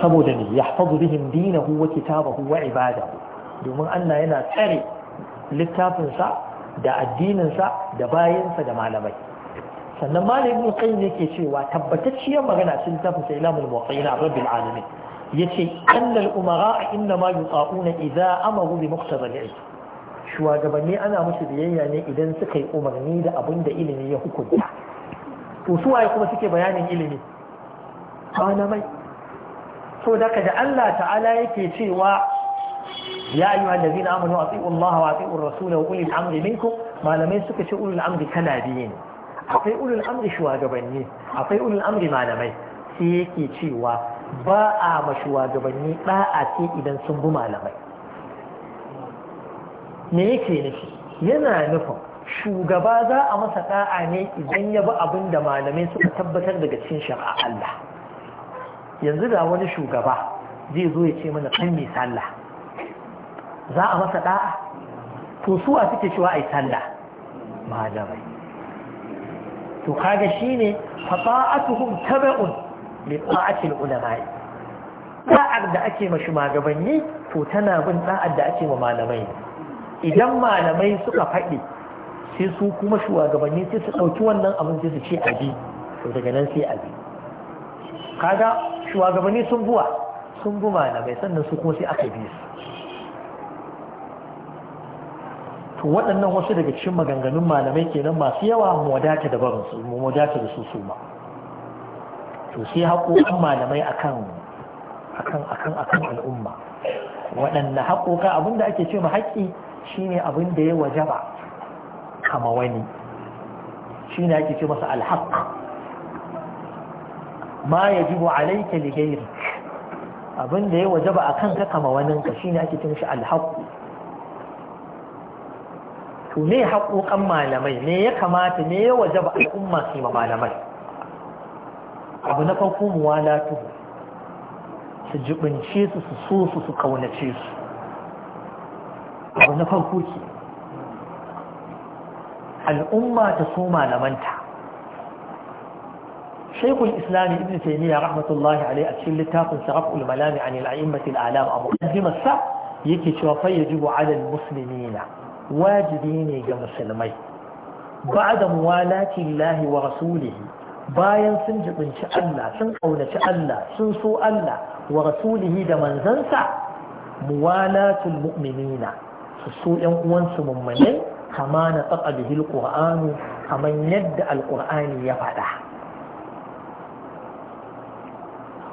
saboda ne ya hafazu bihim dina huwa kitabahu wa ibada, domin Allah yana tsare littafinsa da addininsa da bayansa da malamai sannan malamin kai ne ke cewa tabbatacciyar magana sun tafi sai ilamul muqayyina rabbil alamin yace annal umara inna ma yuta'una idza amaru bi muqtada al shugabanni ana musu biyayya ne idan suka yi umarni da abin da ilimi ya hukunta to su waye kuma suke bayanin ilimi malamai so daga da Allah ta'ala yake cewa ya ayyuha allazina a atiiu Allah wa atiiu ar-rasul wa ulil amri minku malamai suka ce ulul amri kana biye ne akwai ulul amri shugabanni akwai ulul amri malamai sai yake cewa ba a ma shugabanni a sai idan sun bi malamai me yake nufi yana nufin shugaba za a masa ɗa'a ne idan ya bi abin da malamai suka tabbatar daga cikin shari'a Allah yanzu ga wani shugaba zai zo ya ce mana kan yi sallah za a masa da'a to su suke cewa yi sallah malamai to kaga shine fata'atuhum tabi'un li ta'atil ulama'i da'ar da ake ma shugabanni to tana bin da'ar da ake ma malamai idan malamai suka faɗi sai su kuma shugabanni sai su ɗauki wannan abin sai su ce abi to daga nan sai abi kaga shugabanni sun buwa sun bu malamai sannan su kuma sai aka bi su to waɗannan wasu daga cikin maganganun malamai kenan masu yawa mu wadata da barin su mu wadata da su su ma to sai haƙoƙin malamai akan akan akan akan al'umma waɗanne haƙoƙa da ake ce ma haƙƙi shine abin da ya wajaba kama wani shine ake ce masa alhaq ma yajibu alayka li ghayrik abin da ya waje wajaba akan ka kama wannan ka shine ake cin shi alhaq to me haƙoƙan malamai me ya kamata me ya wajaba al'umma su ma malamai abu na farko muwalatu su jibince su su so su su kaunace su abu na farko ke al'umma ta so malamanta shaykhul Islami ibn taymiyyah rahmatullahi alayhi a cikin littafin saraful malami an al-a'immati al-alam abu sa yake cewa fa yajibu ala al wajibi ne ga musulmai ba'da muwalati Allah wa rasulihi bayan sun jibinci Allah sun ƙaunaci Allah sun so Allah wa rasulihi da manzansa muwalatul mu'minina su so yan uwansu mummunai kama na tsaka bihil qur'anu kaman yadda alqur'ani ya faɗa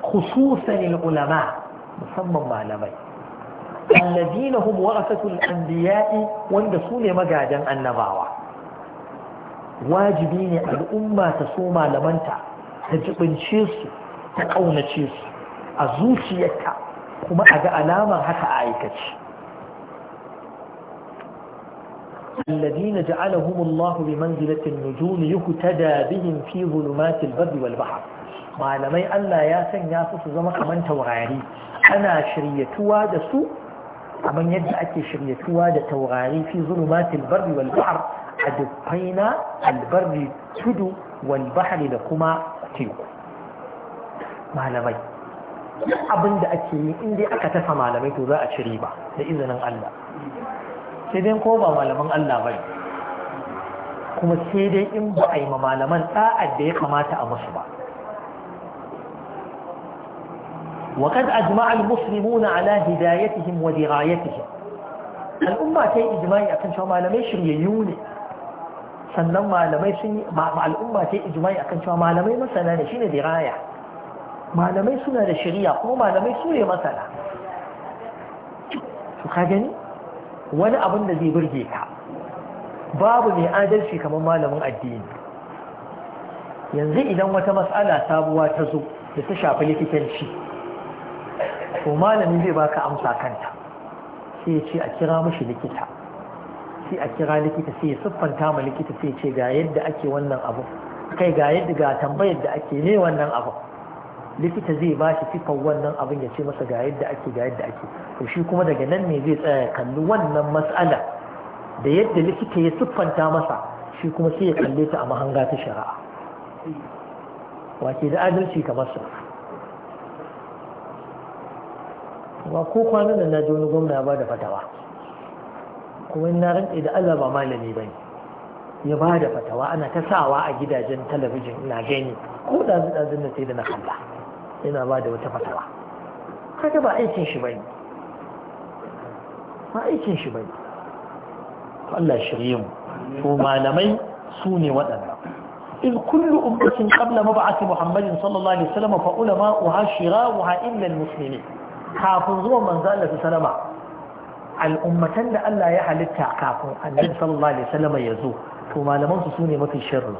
خصوصا العلماء musamman معلمي الذين هم ورثة الأنبياء واندسون مجادا النباوة واجبين الأمة تصوم لمنتا تجبن شيس تقون شيس أزوشي يتا كما أجا ألاما حتى أعيكتش الذين جعلهم الله بمنزلة النجوم يهتدى بهم في ظلمات البر والبحر malamai Allah ya sanya su su zama kamar taurari ana shiryatuwa da su kamar yadda ake shiryatuwa da taurari fi zulumatil barri wal bahr a dubbai na albarri tudu wal da kuma teku malamai abin da ake yi in dai aka tafa malamai to za a ci riba da izinin Allah sai dai ko ba malaman Allah bai kuma sai dai in ba a yi ma malaman ɗa'ad da ya kamata a musu ba وقد أجمع المسلمون على هدايتهم ودرايتهم الأمة تي إجماعي أكن شو ما لم يشريون sannan malamai sun ba al'umma ce ijma'i akan cewa malamai masana ne shine diraya malamai suna da shari'a kuma malamai su ne masana to ka wani abun da zai burge ka babu mai adalci kamar malamin addini yanzu idan wata matsala sabuwa ta zo da ta shafi likitanci to malami zai baka amsa kanta sai ya ce a kira mishi likita sai a kira likita sai ya siffanta ma likita sai ya ce ga yadda ake wannan abu kai ga yadda ga tambayar da ake ne wannan abu likita zai ba shi siffar wannan abin ya ce masa ga yadda ake ga yadda ake to shi kuma daga nan ne zai tsaya kalli wannan mas'ala da yadda likita ya siffanta masa shi kuma sai ya kalle ta a mahanga ta shari'a wace da adalci kamar sa ba ko kwanan da na ji wani gwamna ba da fatawa kuma na rantse da Allah ba malami ba ne ya ba da fatawa ana ta sawa a gidajen talabijin na gani ko da ɗazin na sai da na kalla yana ba da wata fatawa kaga ba aikin shi ba ne ba aikin shi ba ne Allah shirye mu to malamai su ne waɗanda إذ كل أمة قبل مبعث محمد صلى الله عليه وسلم فأولماؤها شراؤها إلا المسلمين kafin zuwa manzo Allah sallama al'ummatan da Allah ya halitta kafin annabi sallallahu alaihi wasallam ya zo to malaman su sune mafi sharri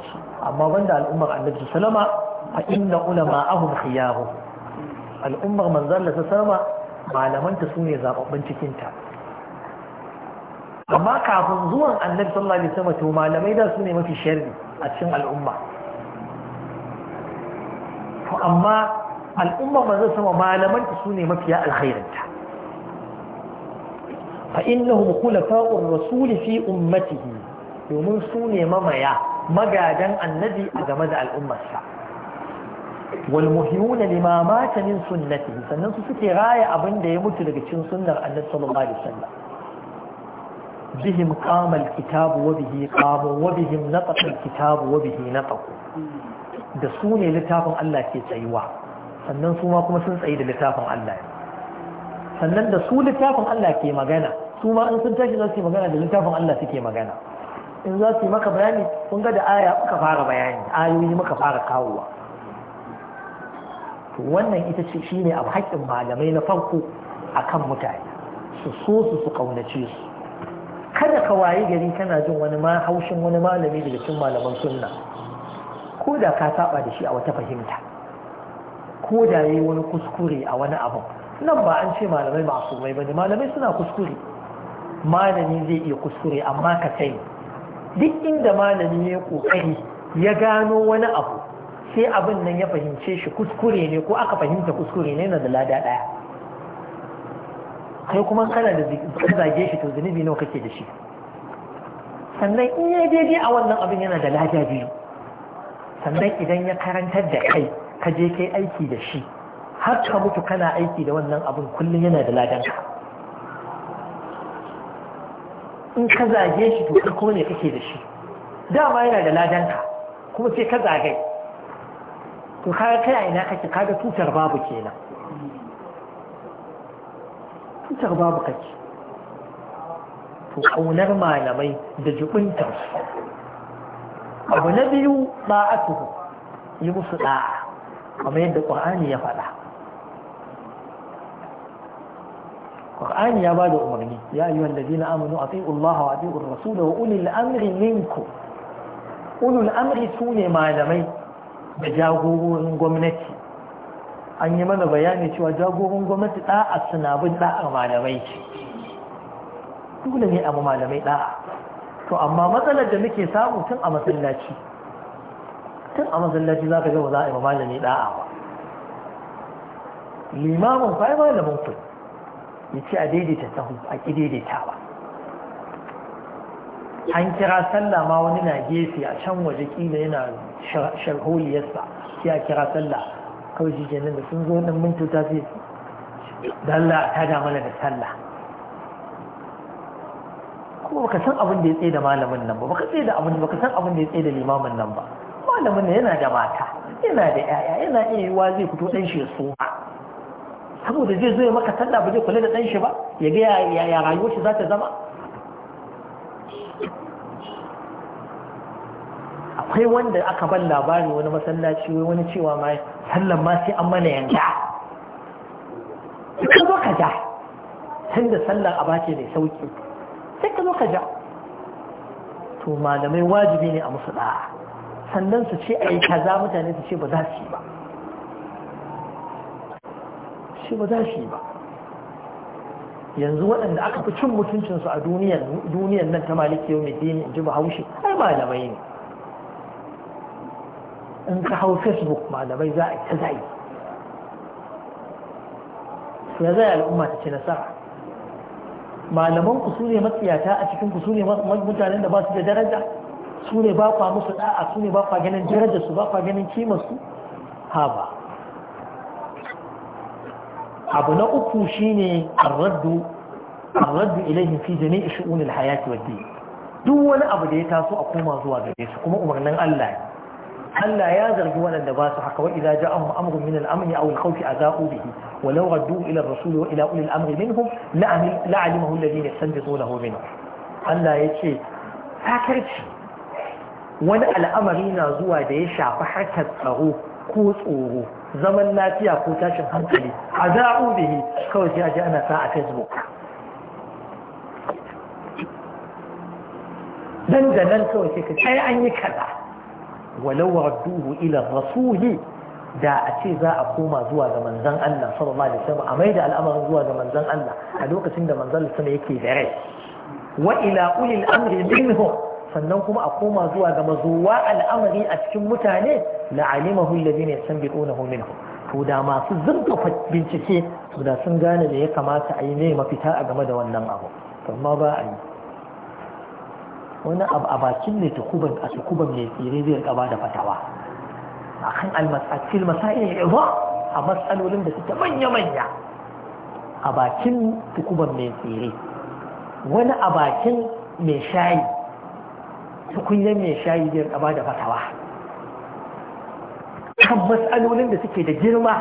amma banda al'ummar annabi sallama fa inna ulama'ahum khiyahu al'ummar manzo Allah sallama malaman ta sune zababban cikin ta amma kafin zuwan annabi sallallahu alaihi wasallam to malamai da sune mafi sharri a cikin al'umma to amma al'umma zai sama malamanta su ne mafiya alkhairinta fa innahum khulafa'ur rasul fi ummatihi domin su ne mamaya magadan annabi a game da al'ummarsa wal muhyuna lima mata min sunnatihi sannan su suke raya abin da ya mutu daga cikin sunnar annabi sallallahu alaihi wasallam bihim qama al kitabu wa bihi qamu wa bihim nataqa al kitabu wa bihi nataqu da su ne littafin Allah ke tsayuwa sannan su ma kuma sun tsaye da littafin Allah sannan da su littafin Allah ke magana su ma in sun tashi za su yi magana da littafin Allah suke magana in za su yi maka bayani kun ga da aya muka fara bayani ayoyi muka fara kawowa to wannan ita ce shine abu haƙƙin malamai na farko akan mutane su so su su kaunace su kada ka waye gari kana jin wani ma haushin wani malami daga cikin malaman sunna ko da ka saba da shi a wata fahimta ko da yi wani kuskure a wani abu nan ba an ce malamai ba mai bane malamai suna kuskure malami zai iya kuskure amma ka sai duk inda malami ya kokari ya gano wani abu sai abin nan ya fahimce shi kuskure ne ko aka fahimta kuskure ne na da lada daya kai kuma kana da zage shi to zunubi nawa kake da shi sannan in ya daidai a wannan abin yana da lada biyu sannan idan ya karantar da kai ka je kai aiki da shi har ka mutu kana aiki da wannan abin kullum yana da ladanka in ka zage shi to kuma ne kake da shi dama yana da ladanka kuma sai ka zagai to kaga kai ina kake kaga tutar babu kenan tutar babu kake to kaunar malamai da jubuntar su abu na biyu ba a tuhu yi musu ɗa'a, kamar yadda qur'ani ya faɗa qur'ani ya bada umarni ya zina ladina a atiiu Allah wa atiiu rasu da wa ulil amri ninku, ulul amri sune malamai da jagororin gwamnati an yi mana bayani cewa jagorin gwamnati ɗa'a suna bin da'ar malamai dole ne abu malamai ɗa'a. to amma matsalar da muke samu tun a masallaci tun a masallaci za ka ga za a yi malami da'a ba limamin fa malamin ku ya ce a daidaita sahu a ƙi daidaita ba an kira sallah ma wani na gefe a can waje kila yana sharholiyarsa sai a kira sallah kawai shi kenan da sun zo nan mintuta sai dalla ta da mana da sallah kuma baka san abin da ya tsaye da malamin nan ba baka tsaye da abin baka san abin da ya tsaye da limamin nan ba malamin nan yana da mata yana da yaya yana iya yiwa zai fito dan shi so saboda zai zo ya maka sallah ba zai kula da dan shi ba ya ga ya rayuwar shi za ta zama akwai wanda aka ban labari wani masallaci wai wani cewa ma sallan ma sai an mana yanka ka zo ka ja tunda sallar a bace mai sauki sai ka zo ka ja to malamai wajibi ne a musu da'a sannan su ce a yi kaza mutane su ce ba za su yi ba shi ba za su yi ba yanzu waɗanda aka fi cin mutuncinsu a duniyar nan ta maliki yau mai dini in ji bahaushe ai malamai ne in ka hau facebook malamai za a yi ta zai su ya zai al'umma ta ce nasara malaman ku su ne matsiyata a cikin ku su ne mutanen da ba su da daraja su ne ba kwa musu da'a su ne ba kwa ganin daraja su ba kwa ganin kimar su ha ba abu na uku shine arraddu arraddu ilaihim fi jami'i shu'unil hayati wad din duk wani abu da ya taso a koma zuwa gare su kuma umarnin Allah ne Allah ya zargi waɗanda ba su haka wa idza ja'ahum amrun min al-amn aw al-khawf adha'u bihi wa law raddu ila ar-rasul wa ila ulil amri minhum la'alimahu alladhina yastanbitunahu minhu Allah yace sakarci wani al'amari na zuwa da ya shafi harkar tsaro ko tsoro zaman lafiya ko tashin hankali a za'u yi kawai sai aje ana sa a facebook dan da nan kawai sai ka sai an yi kaza walau radduhu ila rasuli da a ce za a koma zuwa ga manzan Allah sallallahu alaihi wasallam a da al'amarin zuwa ga manzan Allah a lokacin da manzan Allah yake da rai wa ila ulil amri minhum sannan kuma a koma zuwa ga mazuwa al'amari a cikin mutane la'alimahu alladhina yastanbiqunahu minhum to da masu zurfafa bincike to da sun gane da ya kamata a yi ne mafita a game da wannan abu amma ba a yi wani abu a bakin ne tukuban a tukuban mai tsere zai rika ba da fatawa a kan almasakil masa'il iwa a matsalolin da suke manya-manya a bakin tukuban mai tsere wani a bakin mai shayi tukunyar mai shayi zai rika ba da fatawa kan matsalolin da suke da girma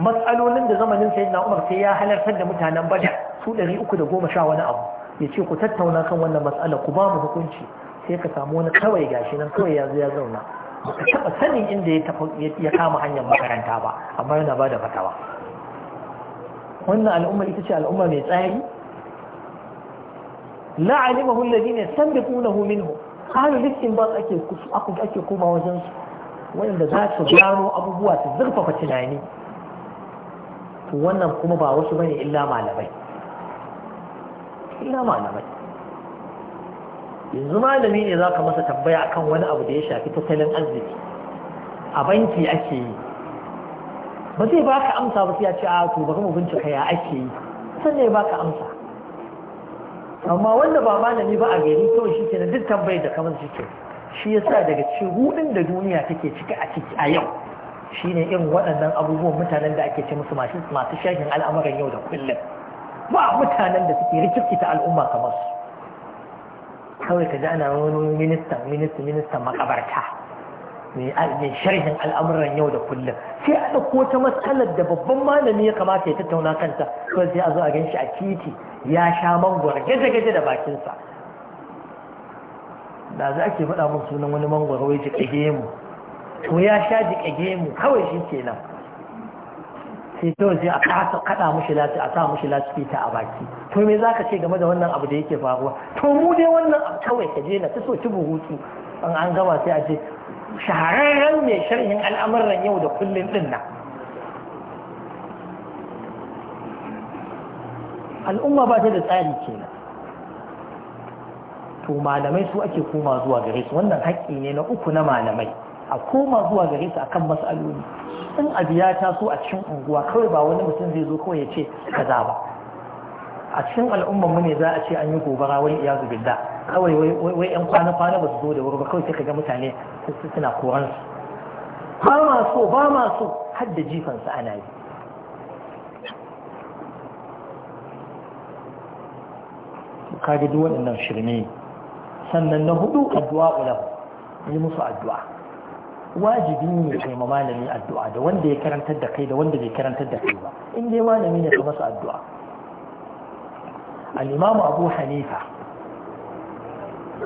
matsalolin da zamanin na umar sai ya halartar da mutanen bada su 310 wani abu ya ce ku tattauna kan wannan matsala ku ba mu hukunci sai ka samu wani kawai gashi nan kawai ya zo ya zauna ka taɓa sanin inda ya kama hanyar makaranta ba amma yana ba da fatawa wannan al'umma ita ce al'umma mai tsari la alimahu alladhina yastanbiqunahu minhu ahlul istinbat ake ake koma wajen su wanda za su gano abubuwa su zurfafa tunani to wannan kuma ba wasu bane illa malamai ina malamai yanzu malami ne za ka masa tambaya akan wani abu da ya shafi tattalin arziki a banki ake yi ba zai ba ka amsa ba sai ya ce a to ba mu bincika ya ake yi sannan ya ba ka amsa amma wanda ba malami ba a gari kawai shi na duk tambayar da kamar shi ke shi yasa daga cikin da duniya take ciki a ciki a yau shine irin waɗannan abubuwan mutanen da ake ce musu masu shahin al'amuran yau da kullum ba mutanen da suke rikikita al'umma kamar su kawai ka ana wani ministan ministan ministan makabarta mai sharhin al'amuran yau da kullum sai a ɗauko wata matsalar da babban malami ya kamata ya tattauna kanta ko sai a zo a ganshi a titi ya sha mangwar gaje-gaje da bakinsa da za a ke faɗa min sunan wani mangwaro ya jiƙage mu to ya sha jiƙage mu kawai shi kenan sai ta waje a kasa kada mushi lati a sa mushi lati ta a baki to me zaka ce game da wannan abu da yake faruwa to mu dai wannan abu kawai ka je na ta soki buhutu an an gama sai a je shahararren mai sharhin al'amuran yau da kullun din nan al'umma ba ta da tsari kenan to malamai su ake koma zuwa gare su wannan haƙƙi ne na uku na malamai a koma zuwa gare su akan matsaloli. in abu ya taso a cikin unguwa kawai ba wani mutum zai zo kawai ya ce kaza ba a cikin al'ummar mu ne za a ce an yi gobara wai iyazu billah kawai wai yan kwana kwana ba su zo da wuri ba kawai sai ga mutane suna koran su ba ma so ba ma so har da jifan su ana yi Ka kaga duk waɗannan shirme sannan na hudu addu'a ulahu yi musu addu'a wajibi ne kai malami addu'a da wanda ya karantar da kai da wanda bai karantar da kai ba in dai malami ne ka addu'a al-imamu abu hanifa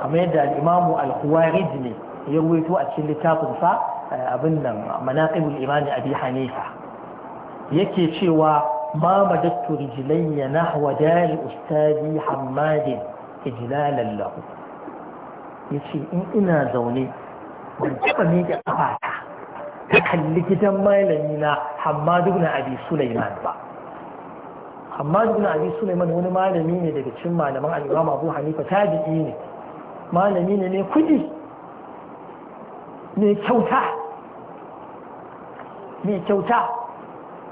kamar yadda al-imamu al-khawarizmi ya ruwaito a cikin littafin sa eh, abin nan manaqibul imani abi hanifa yake cewa ma madattu rijlayya nahwa dari ustadi hammadin ijlalan lahu yace in ina zaune ban taɓa miƙe ƙafata, ta ta kalli gidan malami na Hamadu ibn Abi Sulaiman ba Hamadu ibn Abi Sulaiman wani malami ne daga cikin malaman al-Imam Abu Hanifa tabi'i ne malami ne ne kudi ne kyauta ne kyauta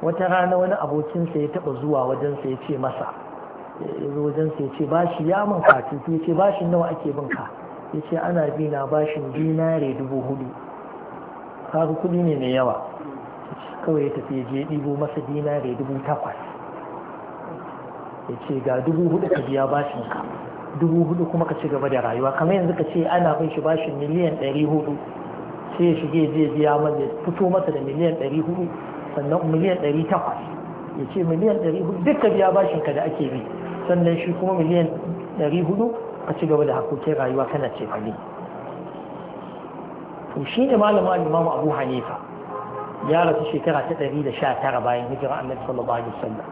wata rana wani abokinsa ya taɓa zuwa wajensa ya ce masa ya zo wajensa ya ce ba shi ya min katutu ya ce ba shi nawa ake bin ka ya ce ana bi na bashin dinare dubu hudu kaga kudi ne mai yawa kawai ya tafi je ɗibo masa dinare dubu takwas ya ce ga dubu hudu ka biya bashin ka dubu hudu kuma ka ci gaba da rayuwa kamar yanzu ka ce ana bin shi bashin miliyan ɗari hudu sai ya shige je biya masa fito masa da miliyan ɗari hudu sannan miliyan ɗari takwas ya ce miliyan ɗari hudu duk ka biya bashin ka da ake bi sannan shi kuma miliyan ɗari hudu ka ci gaba da hakokin rayuwa kana ce fage to shi ne malama limamu abu hanifa ya rasu shekara ta ɗari da sha tara bayan hijira annabi sallallahu alaihi wasallam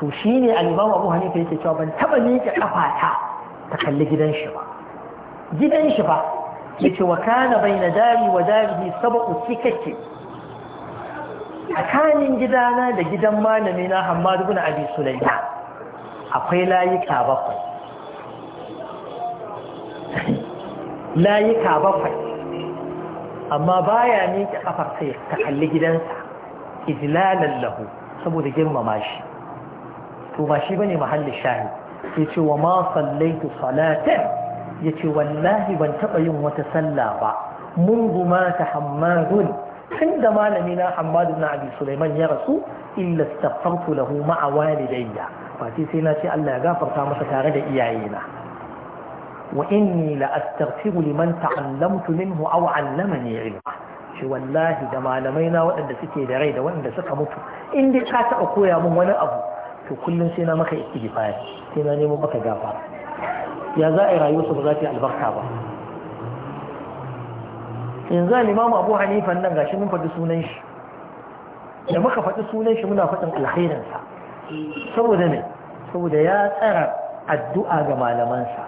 to shi ne alimamu abu hanifa yake cewa ban taɓa miƙe ƙafata ta kalli gidan shi ba gidan shi ba yace wa kana baina dari wa darihi sab'u sikake tsakanin gidana da gidan malami na Hammad ibn Abi Sulaiman akwai layuka bakwai layuka bakwai amma baya ki kafarsa ya kalli gidansa ijlalan lahu saboda girmama shi to ba shi bane mahallin shahi ce wa ma sallaitu ya yace wallahi ban taba yin wata sallah ba منذ مات malami na لمنا حماد بن أبي سليمان يرسو إلا استغفرت له مع walidayya face sai na ce Allah ya gafarta masa tare da iyayena wa inni la astaghfiru liman ta'allamtu minhu aw 'allamani ilma shi wallahi da malamai na waɗanda suke da rai da waɗanda suka mutu in dai ka taɓa koya min wani abu to kullum sai na maka istighfar sai na nemo maka gafa ya za a yi rayuwarsa ba za ta yi albarka ba yanzu limamu abu hanifan nan gashi mun faɗi sunan shi da muka faɗi sunan shi muna faɗin alkhairinsa saboda ne saboda ya tsara addu'a ga malamansa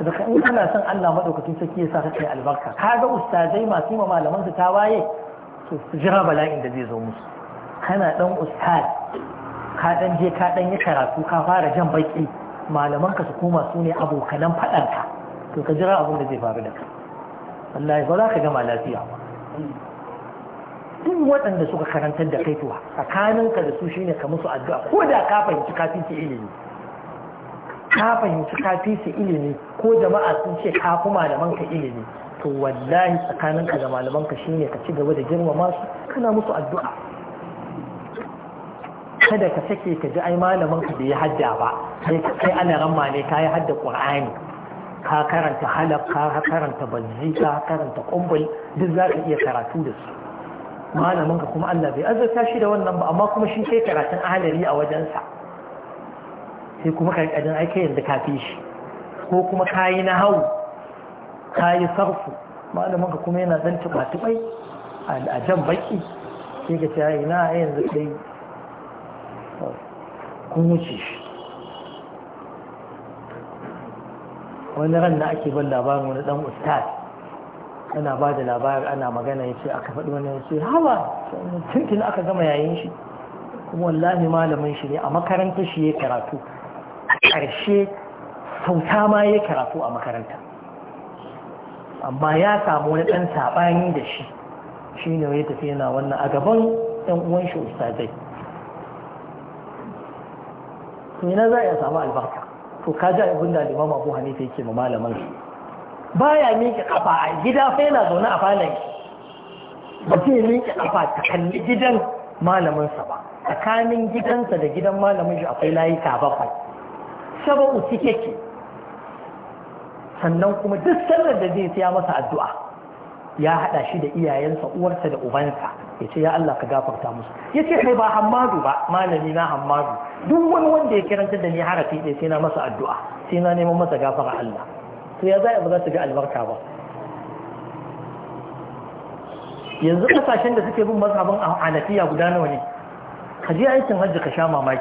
daga in kana son Allah madaukakin sarki ya sa ka kai albarka kaga ustazai masu ma malamansu ta waye to su jira bala'in da zai zo musu kana dan ustaz ka dan je ka dan yi karatu ka fara jan baki malamanka su koma su ne abokanan faɗanka to ka jira abin da zai faru da ka, wallahi ba za ka gama lafiya ba duk waɗanda suka karantar da kai to tsakaninka da su shine ka musu addu'a ko da ka fahimci kafin su ilimi ka fahimci kafin su ilimi ko jama'a sun ce ka fi malaman ka ilimi to wallahi tsakaninka da malaman ka shine ka ci gaba da girmama su kana musu addu'a kada ka sake ka ji ai malaman ka bai hadda ba sai kai ana ramma ne ka yi hadda qur'ani ka karanta halaf ka karanta bazzi ka karanta kumbul duk za ka iya karatu da su Malaminka kuma Allah bai azurta shi da wannan ba amma kuma shi kai karatun ahalari a wajensa sai kuma karkadin aiki yanzu kafi shi ko kuma kayi na hau kayi sarfu malamin kuma yana zan tuba-tubai a jan baki sai ka ce ina yanzu dai kun wuce shi wani ran da ake ban labarin wani dan ustaz ana ba da labarin ana magana ya ce aka faɗi wani ya ce hawa tuntun aka gama yayin shi kuma wallahi malamin shi ne a makaranta shi ya karatu ƙarshe sauta ma ya karatu a makaranta amma ya samu wani ɗan saɓani da shi shi ne ya tafi yana wannan a gaban ɗan uwan shi ustazai ina za a samu albarka to ka ji abin da limam abu hanifa yake ma malaman su baya miƙe ƙafa a gida fa yana zaune a falon ba zai miƙe kafa ta kalli gidan malaminsa ba tsakanin gidansa da gidan malamin shi akwai ta bakwai saba'u ke sannan kuma duk sallar da zai siya masa addu'a ya haɗa shi da iyayensa uwarsa da ubansa ya ce ya Allah ka gafarta musu ya ce kai ba hammadu ba malami na hammadu duk wani wanda ya kiranta da ni harafi ɗaya sai na masa addu'a sai na neman masa gafara Allah to ya ba za su ga albarka ba yanzu kasashen da suke bin mazhabin Anafiya guda nawa ne ka je aikin hajji ka sha mamaki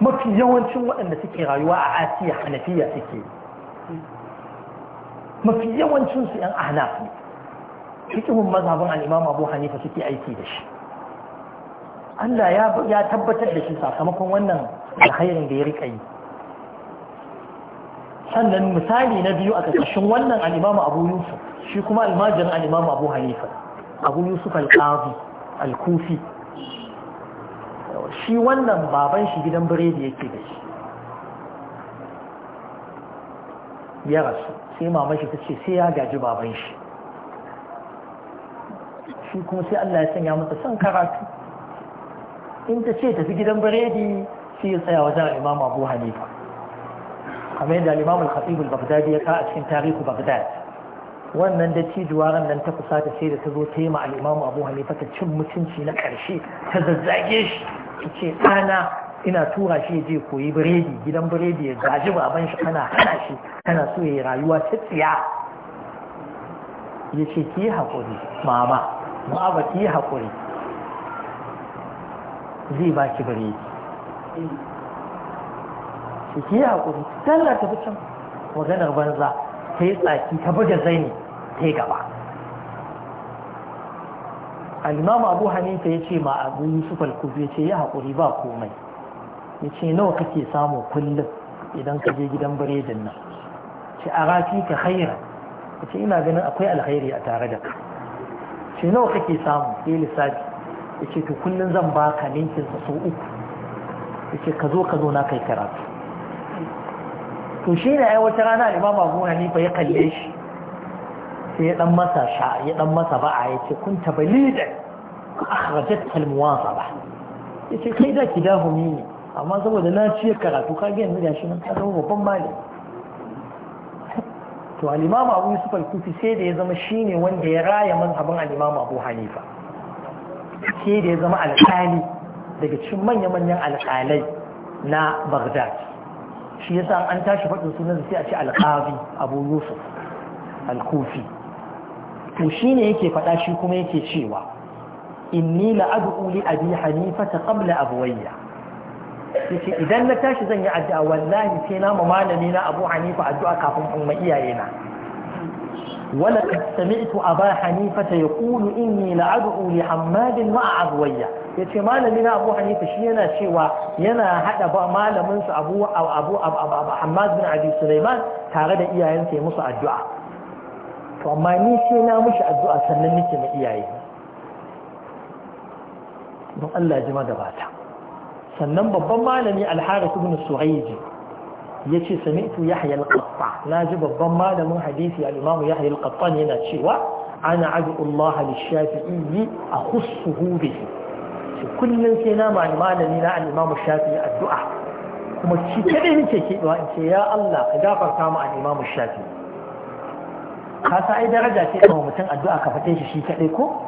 mafi yawancin waɗanda suke rayuwa a asiya Anafiya suke mafi yawancin su yan ahnaf ne bin mazhabin al'imam abu hanifa suke aiki da shi Allah ya tabbatar da shi sakamakon wannan alkhairin da ya rika yi sannan misali na biyu a ƙarƙashin wannan al'imamu abu yusuf shi kuma almajirin al'imamu abu hanifa abu yusuf al-qazi al-kufi shi wannan baban shi gidan biredi yake da shi ya rasu sai mama shi ta ce sai ya gaji baban shi shi kuma sai Allah ya sanya masa son karatu in ta ce tafi gidan biredi sai ya tsaya wajen al'imamu abu hanifa kamar yadda al-imam al al-baghdadi ya ka a cikin tarihu baghdad wannan da nan ta kusa ta sai da ta zo ta yi ma al abu hanifa ta cin mutunci na karshe ta zazzage shi ta ce ɗana ina tura shi ya je koyi biredi gidan biredi ya gaji baban shi kana hana shi kana so ya yi rayuwa ta tsiya ya ce ki yi haƙuri mama ma'aba ki yi haƙuri zai baki biredi ki ki hakuri tallar ta fitan maganar banza ta yi tsaki ta buga zaini ta yi gaba Alimamu abu hanifa ya ce ma abu yusuf al-kufi ya ce ya hakuri ba komai ya ce nawa kake samu kullum idan ka je gidan biredin nan ce a rafi ka haira. ya ce ina ganin akwai alkhairi a tare da ka ce nawa kake samu yi lissafi ya ce to kullum zan ba ka ninkinsa sau uku ya ce ka zo ka zo na kai karatu to shi ne ai wata rana imam abu hanifa ya kalle shi sai ya dan masa sha ya dan masa ba'a ya ce kun tabalida akhrajat al muwasaba ya ce kai da ki dahu ne amma saboda na ci karatu ka ga yanzu gashi nan ka zama babban mali. to al imam abu yusuf al kufi sai da ya zama shine wanda ya raya mazhabin al imam abu hanifa sai da ya zama alƙali daga cikin manya-manyan alƙalai na Baghdad shi yasa an tashi faɗin sunan sai a ce alƙazi abu yusuf alkufi to shi ne yake faɗa shi kuma yake cewa inni la'ad'u li abi hanifata qabla abwayya yace idan na tashi zan yi addu'a wallahi sai na malami na abu hanifa addu'a kafin in ma iyayena ولقد سمعت أبا حنيفة يقول إني لأدعو لحماد مع عضوية yace malami na Abu Hanifa shi yana cewa yana hada ba malamin su Abu Abu Abu Hammad bin Abi Sulaiman tare da iyayensa ya musu addu'a to amma ni sai na mushi addu'a sannan nake na iyaye don Allah ji magabata sannan babban malami Al-Harith ibn Suhaiji ya ce sami'tu yahya al na ji babban malamin hadisi al-imamu yahya al yana cewa ana abu Allah lishafi'i a khussuhu bihi shi kullun sai na malami na al-imamu shafi'i addu'a kuma shi kadai nake ke in ce ya Allah ka gafarta mu al-imamu shafi'i ka sa ai daraja ce kuma mutum addu'a ka faɗe shi shi kadai ko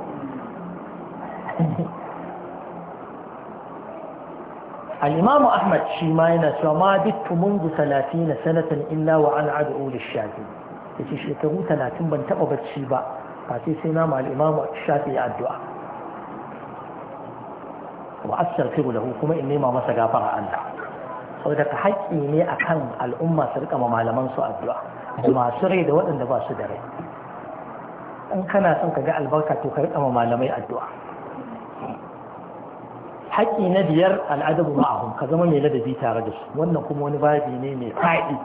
al’imamu ahmad shi ma yana cewa ma bittu mungu talatina sanatan illa wa an adu ulu shafi ya shekaru talatin ban taɓa bacci ba ba sai sai na al’imamu shafi ya addu’a wa asar firu kuma in nema masa gafara allah sau da ka haƙƙi ne akan al’umma su rika malaman su addu’a masu rai da waɗanda ba su da rai in kana son ka ga albarka to ka rika malamai addu’a haƙi na biyar al'adabu ma'ahum ka zama mai ladabi tare da su wannan kuma wani babi ne mai faɗi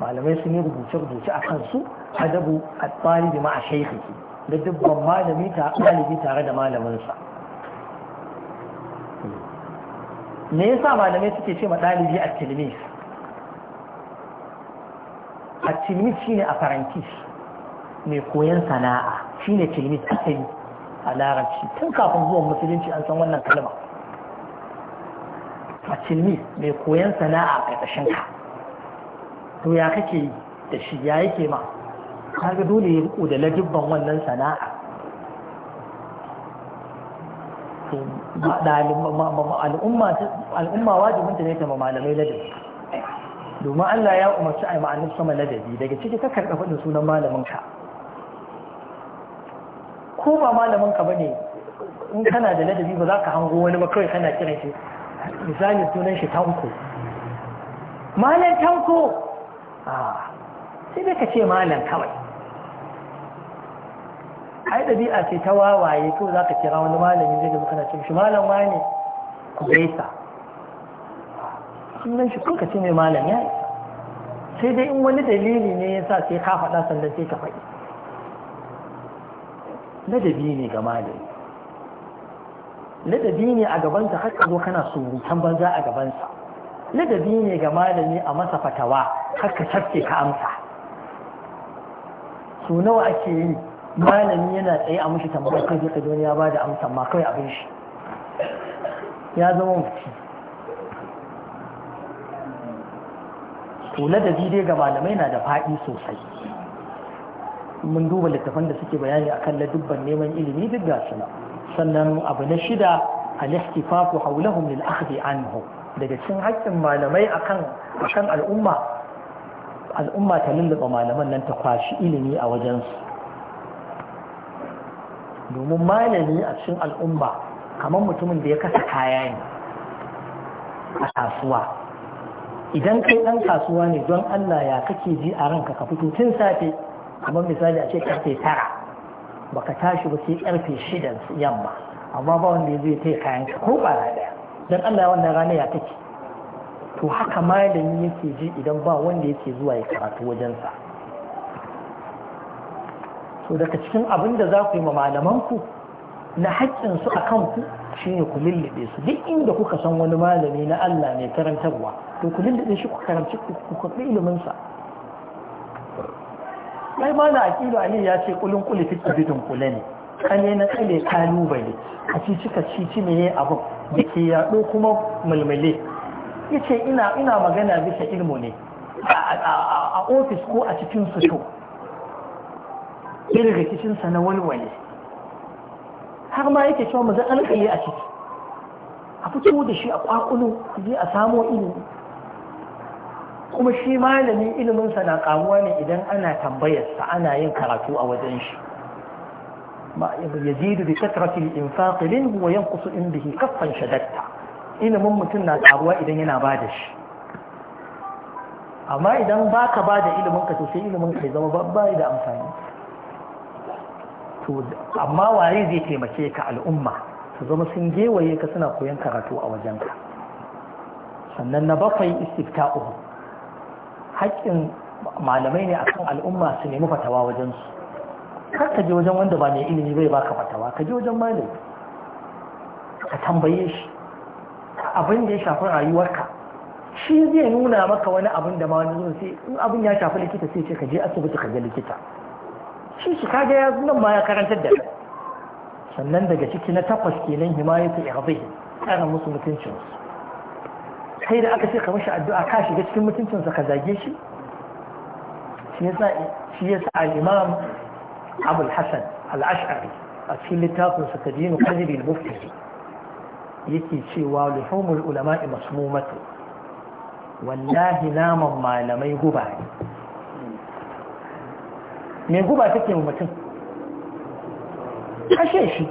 malamai sun yi rubuce-rubuce a kansu adabu a ɗalibi ma a shaikaki da dubban malami ta ɗalibi tare da malaminsa me yasa malamai suke ce ma ɗalibi a tilmis a tilmis shine a faranti mai koyon sana'a shine tilmis asali a larabci tun kafin zuwan musulunci an san wannan kalma musulmi mai koyan sana'a a ƙarƙashin ka to ya kake da shi ya yake ma kaga dole ya riko da ladibban wannan sana'a al'umma wajibin ta ne ta malamai ladabi domin Allah ya umarci a ma'anin sama ladabi daga ciki ka karɓa faɗin sunan malamin ka ko ba malamin ka bane in kana da ladabi ba za ka hango wani ba kawai kana kiran shi misali sunan shi tanko malam tanko ah, sai dai ka ce malam kawai ai ɗabi'a ce ta wawaye ko za ka kira wani malami zai gaba kana cin shi malam ne ku gaisa sunan shi kuka ce mai malam ya sai dai in wani dalili ne ya sa sai ka faɗa sannan sai ka faɗi ladabi ne ga malami ladabi ne a gabansa har ka zo kana surutan banza a gabansa ladabi ne ga malami a masa fatawa har ka tafke ka amsa su nawa ake yi malami yana tsaye a mushi tambayar kai ka zo ya bada amsa ma kai abin shi ya zama mutum to ladabi dai ga malamai na da faɗi sosai mun duba littafan da suke bayani akan ladubban neman ilimi duk da suna sannan abu na shida al-ihtifafu hawlahum lil akhdhi anhu daga cikin haƙƙin malamai akan akan al'umma al'umma ta lulluɓa malaman nan ta kwashi ilimi a wajensu domin malami a cikin al'umma kamar mutumin da ya kasa kaya ne a kasuwa idan kai ɗan kasuwa ne don Allah ya kake ji a ranka ka fito tun safe kamar misali a ce karfe tara baka tashi ba sai karfe shidan yamma amma ba wanda zai kai kayan ka ko ba daya dan Allah wannan rana ya take to haka malami yake ji idan ba wanda yake zuwa ya karatu wajensa to daga cikin abin da za ku yi ma ku na haƙƙinsu a kan ku shine ku lullube su duk inda kuka san wani malami na Allah mai karantarwa to ku lullube shi ku karanci ku karɓi iliminsa ai ma na aƙilu ali ya ce kulun ƙuli fi don kula ne kane na kale kalubale a ci cika cici ne abin da ke yaɗo kuma mulmule ya ce ina magana bisa ilmu ne a ofis ko a cikin suto irin rikicinsa na walwale har ma yake cewa mu zan a ciki a fito da shi a ƙwaƙulu je a samo ilimi kuma shi malami iliminsa na kamuwa ne idan ana tambayarsa ana yin karatu a wajen shi yazidu bi da infaq minhu wa yanqusu in bihi kaffan shadatta ilimin mutum na karuwa idan yana ba da shi amma idan baka bada ilimin ka to sai ilimin ka zama babba da amfani amma waye zai taimake ka al'umma su zama sun gewaye ka suna koyon karatu a wajenka sannan na bakwai istifta'uhu haƙƙin malamai ne akan al'umma su nemi fatawa wajen su kar ka je wajen wanda ba mai ilimi bai baka fatawa ka je wajen malami ka tambaye shi abin da ya shafi rayuwarka shi zai nuna maka wani abin da ma wani zuwa sai in abin ya shafi likita sai ce ka je asibiti ka je likita shi shi kaga ya nan ma ya karantar da sannan daga ciki na takwas kenan himayatu irbi kana musu mutuncinsu kai da aka ce ka mashi addu'a ka shiga cikin mutuncinsa ka zage shi shi ya sa al'imam abul hassan Al-Ashari a cikin littafin sa ta dinu kalbi mufti yake cewa luhumul ulama'i masmumatu wallahi naman malamai guba ne me guba take mu mutum kashe shi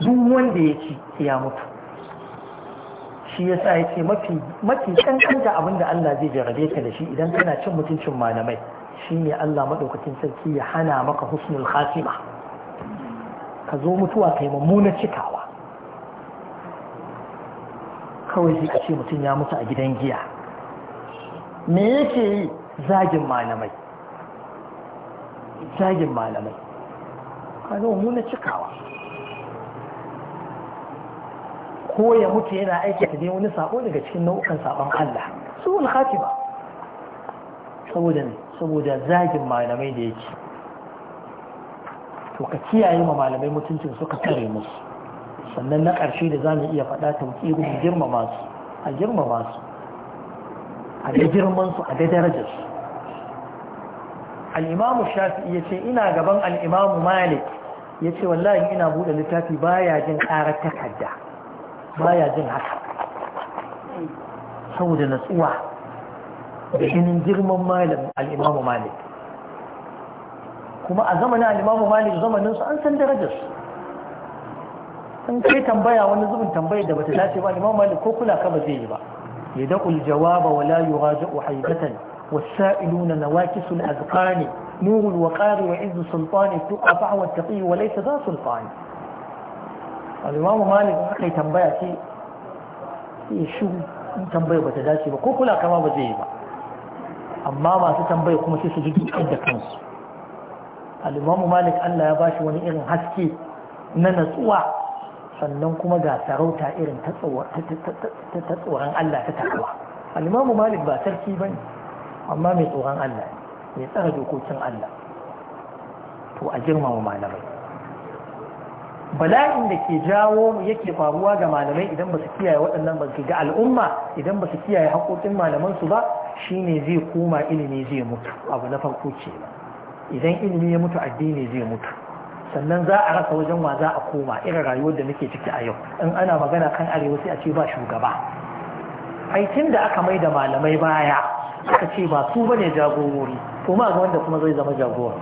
duk wanda ya ci ya mutu shi yasa yake mafi mafi kankanta abin da Allah zai jarabe ka da shi idan kana cin mutuncin malamai shine Allah maɗaukacin sarki ya hana maka husnul khatima ka zo mutuwa ka kai mummuna cikawa kawai sai ka ce mutum ya mutu a gidan giya me yake yi zagin malamai zagin malamai zo cikawa ko ya mutu yana ta dai wani sako daga cikin nau'ukan sabon Allah su wal khatiba saboda ne saboda zagin malamai da yake to ka kiyaye ma malamai mutuncin suka tare musu sannan na ƙarshe da za mu iya faɗa tauƙirin girmama su a girmama su a ga girman su a ga darajar su al'imamu shafi'i ya ce ina gaban al'imamu malik ya ce wallahi ina buɗe littafi baya jin ƙarar takarda ما يدل على حق سود نسوا بين جرم ما الامام مالك كما زمن الامام مالك زمن نص ان سن درجس ان كي تنبيه وانا زمن تنبيه ده بتلا تبا الامام مالك كو كلا كبا زي با يدقوا الجواب ولا يغاجئ حيبة والسائلون نواكس الاذقان نور الوقار وعز السلطان تقع فعوى التقي وليس ذا سلطان al'imamu malik aka yi tambaya ce ya shiru in tambaya ba ta dace ba ko kula kama ba zai yi ba amma masu tambaya kuma sai su ji dukkan da kansu al'imamu malik allah ya bashi wani irin haske na natsuwa sannan kuma ga sarauta irin ta tsoron allah ta takawa al'imamu malik ba sarki ba ne amma mai tsoron allah ne mai tsara dokokin allah to a girmama malamai bala'in da ke jawo yake faruwa ga malamai idan ba su kiyaye waɗannan ba ga al'umma idan ba su kiyaye haƙoƙin malaman su ba ne zai koma ilimi zai mutu abu na farko ce idan ilimi ya mutu addini zai mutu sannan za a rasa wajen wa za a koma irin rayuwar da muke ciki a yau in ana magana kan arewa sai a ce ba shugaba aikin da aka mai da malamai baya aka ce ba su bane jagorori to ma ga wanda kuma zai zama jagora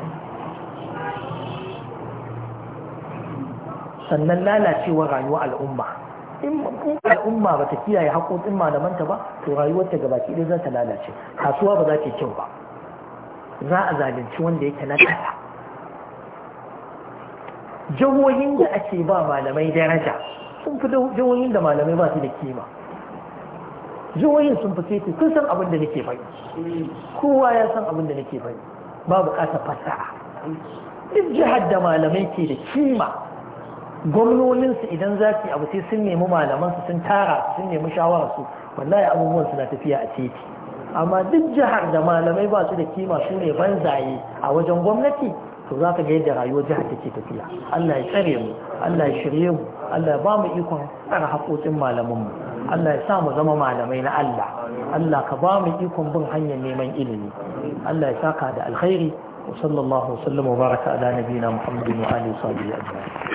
sannan lalacewa rayuwar al'umma in al'umma ba ta kiyaye haƙoƙin malamanta ba to rayuwarta gaba ki za ta lalace kasuwa ba za ta kyau ba za a zalunci wanda yake na kasa jihohin da ake ba malamai daraja sun fi jihohin da malamai ba su da kima jihohin sun fi sai sun san abin da nake faɗi kowa ya san abin da nake faɗi ba buƙatar fasaha duk jihar da malamai ke da kima gwamnoninsu idan za su abu sai sun nemi malamansu sun tara sun nemi shawararsu wallahi abubuwan na tafiya a titi amma duk jihar da malamai ba su da kima su ne banzaye a wajen gwamnati to za ka ga yadda rayuwar jihar take tafiya Allah ya tsare mu Allah ya shirye mu Allah ya ba mu ikon tsara haƙoƙin mu Allah ya sa mu zama malamai na Allah Allah ka ba mu ikon bin hanyar neman ilimi Allah ya saka da alkhairi وصلى الله وسلم وبارك على نبينا محمد وآله وصحبه أجمعين